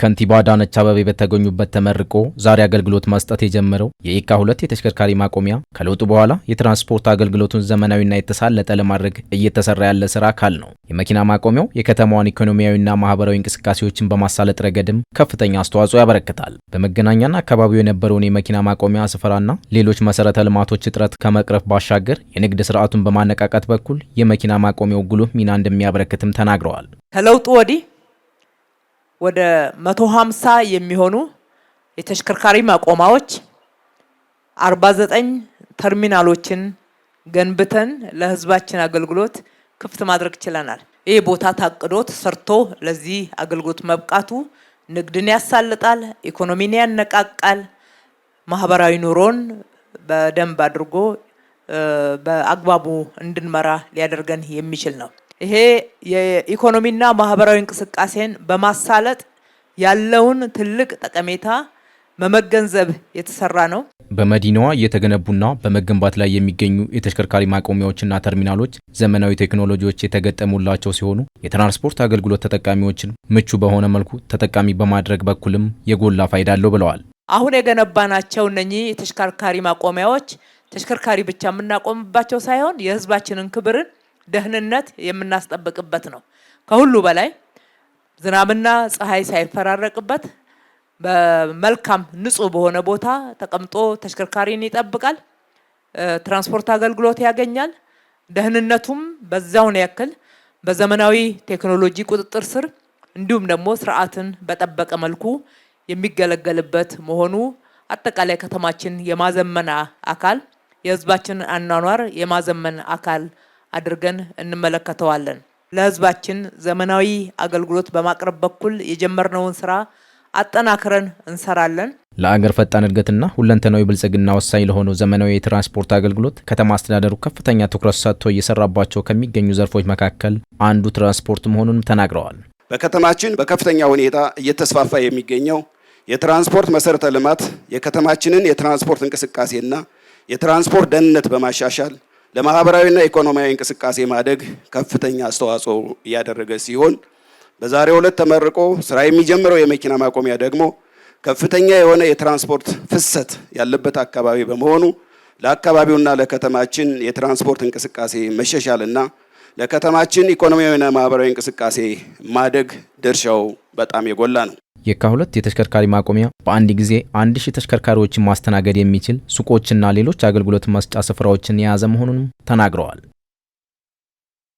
ከንቲባ አዳነች አበቤ በተገኙበት ተመርቆ ዛሬ አገልግሎት መስጠት የጀመረው የኢካ ሁለት የተሽከርካሪ ማቆሚያ ከለውጡ በኋላ የትራንስፖርት አገልግሎቱን ዘመናዊና የተሳለጠ ለማድረግ እየተሰራ ያለ ስራ አካል ነው። የመኪና ማቆሚያው የከተማዋን ኢኮኖሚያዊና ማህበራዊ እንቅስቃሴዎችን በማሳለጥ ረገድም ከፍተኛ አስተዋጽኦ ያበረክታል። በመገናኛና አካባቢው የነበረውን የመኪና ማቆሚያ ስፍራና ሌሎች መሰረተ ልማቶች እጥረት ከመቅረፍ ባሻገር የንግድ ስርዓቱን በማነቃቃት በኩል የመኪና ማቆሚያው ጉልህ ሚና እንደሚያበረክትም ተናግረዋል። ከለውጡ ወዲህ ወደ መቶ የሚሆኑ የተሽከርካሪ ማቆማዎች 49 ተርሚናሎችን ገንብተን ለህዝባችን አገልግሎት ክፍት ማድረግ ችለናል። ይህ ቦታ ታቅዶ ተሰርቶ ለዚህ አገልግሎት መብቃቱ ንግድን ያሳልጣል፣ ኢኮኖሚን ያነቃቃል፣ ማህበራዊ ኑሮን በደንብ አድርጎ በአግባቡ እንድንመራ ሊያደርገን የሚችል ነው። ይሄ የኢኮኖሚና ማህበራዊ እንቅስቃሴን በማሳለጥ ያለውን ትልቅ ጠቀሜታ መመገንዘብ የተሰራ ነው። በመዲናዋ እየተገነቡና በመገንባት ላይ የሚገኙ የተሽከርካሪ ማቆሚያዎችና ተርሚናሎች ዘመናዊ ቴክኖሎጂዎች የተገጠሙላቸው ሲሆኑ የትራንስፖርት አገልግሎት ተጠቃሚዎችን ምቹ በሆነ መልኩ ተጠቃሚ በማድረግ በኩልም የጎላ ፋይዳ አለው ብለዋል። አሁን የገነባናቸው እነኚህ የተሽከርካሪ ማቆሚያዎች ተሽከርካሪ ብቻ የምናቆምባቸው ሳይሆን የህዝባችንን ክብርን ደህንነት የምናስጠብቅበት ነው። ከሁሉ በላይ ዝናብና ፀሐይ ሳይፈራረቅበት በመልካም ንጹህ በሆነ ቦታ ተቀምጦ ተሽከርካሪን ይጠብቃል። ትራንስፖርት አገልግሎት ያገኛል። ደህንነቱም በዛውን ያክል በዘመናዊ ቴክኖሎጂ ቁጥጥር ስር እንዲሁም ደግሞ ስርዓትን በጠበቀ መልኩ የሚገለገልበት መሆኑ አጠቃላይ ከተማችን የማዘመን አካል የህዝባችን አኗኗር የማዘመን አካል አድርገን እንመለከተዋለን። ለህዝባችን ዘመናዊ አገልግሎት በማቅረብ በኩል የጀመርነውን ስራ አጠናክረን እንሰራለን። ለአገር ፈጣን እድገትና ሁለንተናዊ ብልጽግና ወሳኝ ለሆነው ዘመናዊ የትራንስፖርት አገልግሎት ከተማ አስተዳደሩ ከፍተኛ ትኩረት ሰጥቶ እየሰራባቸው ከሚገኙ ዘርፎች መካከል አንዱ ትራንስፖርት መሆኑንም ተናግረዋል። በከተማችን በከፍተኛ ሁኔታ እየተስፋፋ የሚገኘው የትራንስፖርት መሰረተ ልማት የከተማችንን የትራንስፖርት እንቅስቃሴና የትራንስፖርት ደህንነት በማሻሻል ለማህበራዊና ኢኮኖሚያዊ እንቅስቃሴ ማደግ ከፍተኛ አስተዋጽኦ እያደረገ ሲሆን በዛሬው ዕለት ተመርቆ ስራ የሚጀምረው የመኪና ማቆሚያ ደግሞ ከፍተኛ የሆነ የትራንስፖርት ፍሰት ያለበት አካባቢ በመሆኑ ለአካባቢውና ለከተማችን የትራንስፖርት እንቅስቃሴ መሻሻልና ለከተማችን ኢኮኖሚያዊና ማህበራዊ እንቅስቃሴ ማደግ ድርሻው በጣም የጎላ ነው። የካ ሁለት የተሽከርካሪ ማቆሚያ በአንድ ጊዜ አንድ ሺህ ተሽከርካሪዎችን ማስተናገድ የሚችል ሱቆችና ሌሎች አገልግሎት መስጫ ስፍራዎችን የያዘ መሆኑንም ተናግረዋል።